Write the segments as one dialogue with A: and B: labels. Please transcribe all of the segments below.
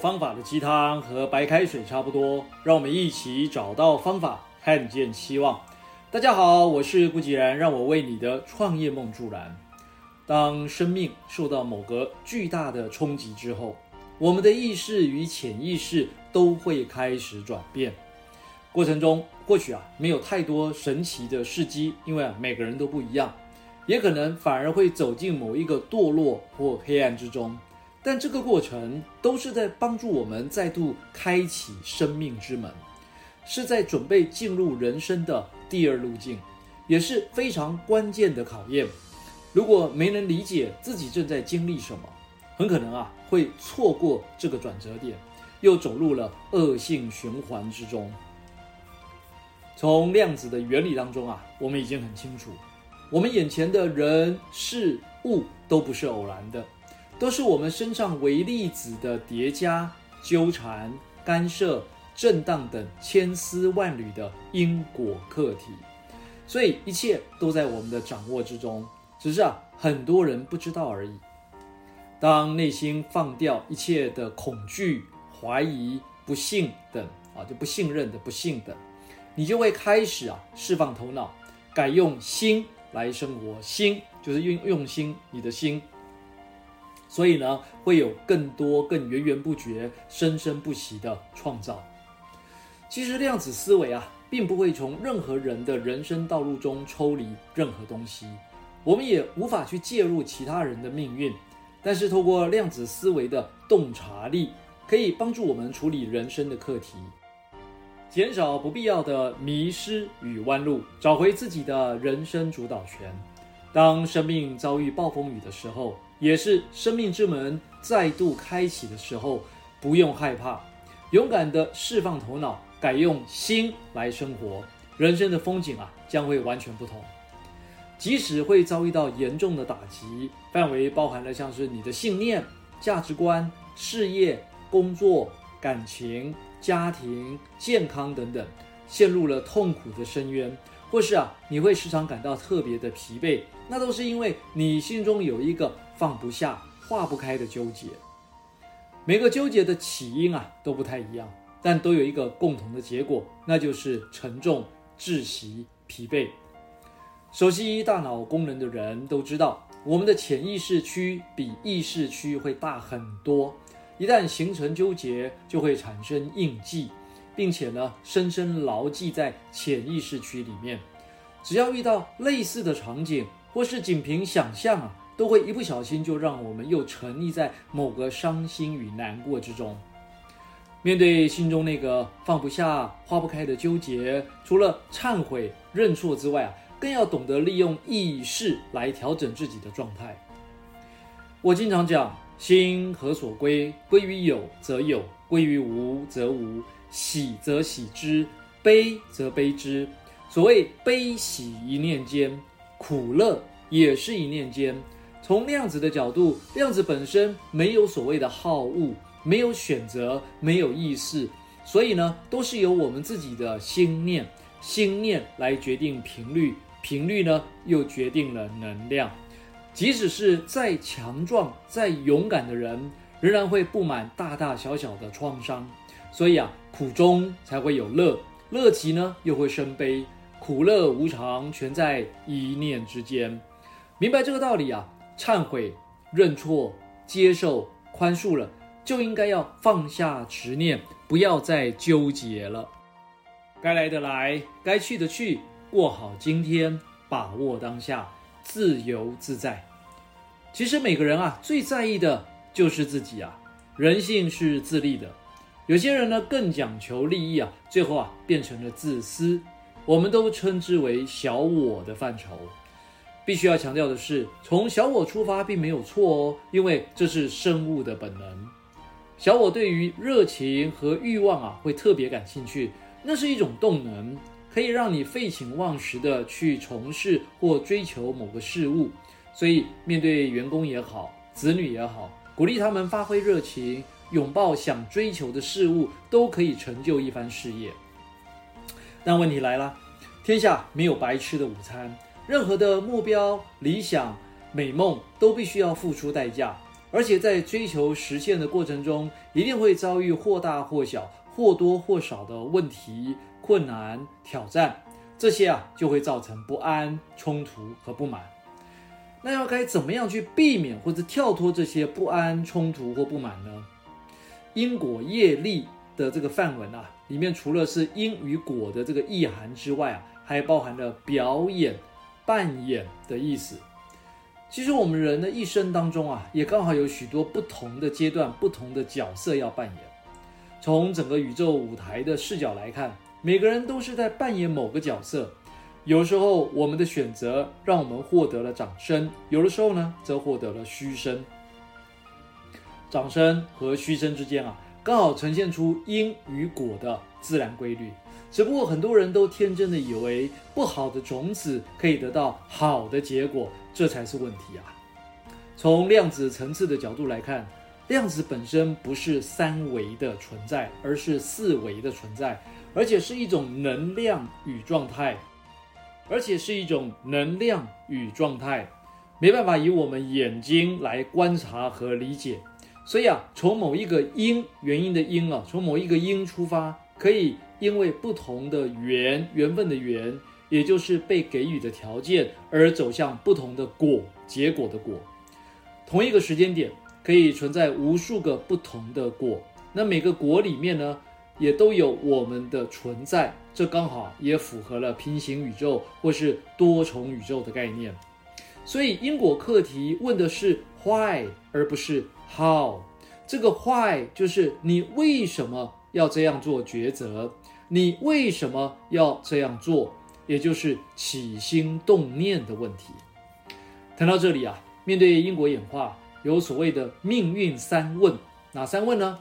A: 方法的雞湯和白開水差不多，讓我們一起找到方法，看見希望。大家好，我是顧吉然，讓我為你的創業夢助燃。當生命受到某個巨大的衝擊之後，我們的意識與潛意識都會開始轉變。過程中或許啊沒有太多神奇的事蹟，因為啊每個人都不一樣，也可能反而會走進某一個墮落或黑暗之中。但這個過程都是在幫助我們再度開啟生命之門，是在準備進入人生的第二路徑，也是非常關鍵的考驗。如果沒能理解自己正在經歷什麼，很可能啊會錯過這個轉折點，又走入了惡性循環之中。從量子的原理當中啊，我們已經很清楚，我們眼前的人事物都不是偶然的。都是我們身上微粒子的疊加、糾纏、干涉、震盪等千絲萬縷的因果課題，所以一切都在我們的掌握之中，只是啊，很多人不知道而已。當內心放掉一切的恐懼、懷疑、不信等啊，就不信任的、不信的，你就會開始啊，釋放頭腦，改用心來生活。心就是用用心，你的心。所以呢，會有更多、更源源不絕、生生不息的創造。其實，量子思維啊，並不會從任何人的人生道路中抽離任何東西，我們也無法去介入其他人的命運。但是，透過量子思維的洞察力，可以幫助我們處理人生的課題，減少不必要的迷失與彎路，找回自己的人生主導權。當生命遭遇暴風雨的時候，也是生命之門再度開啟的時候，不用害怕，勇敢地釋放頭腦，改用心來生活，人生的風景啊，將會完全不同。即使會遭遇到嚴重的打擊，範圍包含了像是你的信念、價值觀、事業、工作、感情、家庭、健康等等，陷入了痛苦的深淵。或是啊，你會時常感到特別的疲憊，那都是因為你心中有一個放不下、化不開的糾結。每個糾結的起因啊都不太一樣，但都有一個共同的結果，那就是沉重、窒息、疲憊。熟悉大腦功能的人都知道，我們的潛意識區比意識區會大很多，一旦形成糾結，就會產生印記。並且呢，深深牢記在潛意識區裡面，只要遇到類似的場景，或是僅憑想象啊，都會一不小心就讓我們又沉溺在某個傷心與難過之中。面對心中那個放不下、花不開的糾結，除了懺悔、認錯之外啊，更要懂得利用意識來調整自己的狀態。我經常講：心何所歸？歸於有則有，歸於無則無。喜則喜之，悲則悲之。所謂悲喜一念間，苦樂也是一念間。從量子的角度，量子本身沒有所謂的好惡，沒有選擇，沒有意識，所以呢，都是由我們自己的心念、心念來決定頻率，頻率呢又決定了能量。即使是再強壯、再勇敢的人，仍然會布滿大大小小的創傷。所以啊，苦中才會有樂，樂極呢又會生悲，苦樂無常，全在一念之間。明白這個道理啊，懺悔、認錯、接受寬恕了，就應該要放下執念，不要再糾結了。該來的來，該去的去，過好今天，把握當下，自由自在。其實每個人啊，最在意的就是自己啊，人性是自立的。有些人呢更講求利益啊，最後啊變成了自私，我們都稱之為小我的範疇。必須要強調的是，從小我出發並沒有錯哦，因為這是生物的本能。小我對於熱情和慾望啊會特別感興趣，那是一種動能，可以讓你廢寢忘食的去從事或追求某個事物。所以面對員工也好，子女也好，鼓勵他們發揮熱情，擁抱想追求的事物，都可以成就一番事業。但問題來了，天下沒有白吃的午餐，任何的目標、理想、美夢都必須要付出代價。而且在追求實現的過程中，一定會遭遇，或大或小、或多或少的問題、困難、挑戰。這些啊，就會造成不安、衝突和不滿。那要該怎麼樣去避免或者跳脫這些不安、衝突或不滿呢？因果業力的這個梵文啊，裡面除了是因與果的這個意涵之外啊，還包含了表演、扮演的意思。其實我們人的一生當中啊，也剛好有許多不同的階段、不同的角色要扮演。從整個宇宙舞台的視角來看，每個人都是在扮演某個角色。有時候我們的選擇讓我們獲得了掌聲，有的時候呢，則獲得了噓聲。掌聲和噓聲之間啊，剛好呈現出因與果的自然規律。只不過很多人都天真的以為不好的種子可以得到好的結果，這才是問題啊！從量子層次的角度來看，量子本身不是三維的存在，而是四維的存在，而且是一種能量與狀態，而且是一種能量與狀態，沒辦法以我們眼睛來觀察和理解。所以啊，從某一個因，原因的因啊，從某一個因出發，可以因為不同的緣，緣分的緣，也就是被給予的條件，而走向不同的果，結果的果。同一個時間點可以存在無數個不同的果，那每個果裡面呢，也都有我們的存在，這剛好也符合了平行宇宙或是多重宇宙的概念。所以因果課題問的是 why 而不是。好，How，這個 why 就是你為什麼要這樣做抉擇？你為什麼要這樣做？也就是起心動念的問題。談到這裡啊，面對因果演化，有所謂的命運三問，哪三問呢？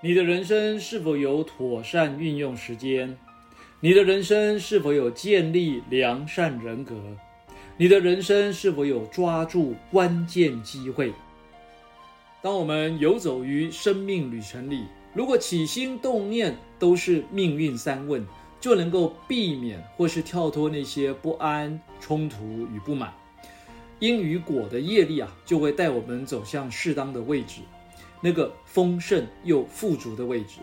A: 你的人生是否有妥善運用時間？你的人生是否有建立良善人格？你的人生是否有抓住關鍵機會？當我們遊走於生命旅程裡，如果起心動念都是命運三問，就能夠避免或是跳脫那些不安、衝突與不滿，因與果的業力啊，就會帶我們走向適當的位置，那個豐盛又富足的位置。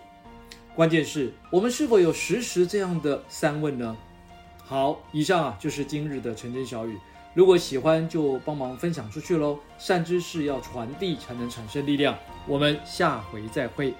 A: 關鍵是，我們是否有時時這樣的三問呢？好，以上啊，就是今日的晨間小語。如果喜歡，就幫忙分享出去嘍！善知識要傳遞，才能產生力量。我們下回再會。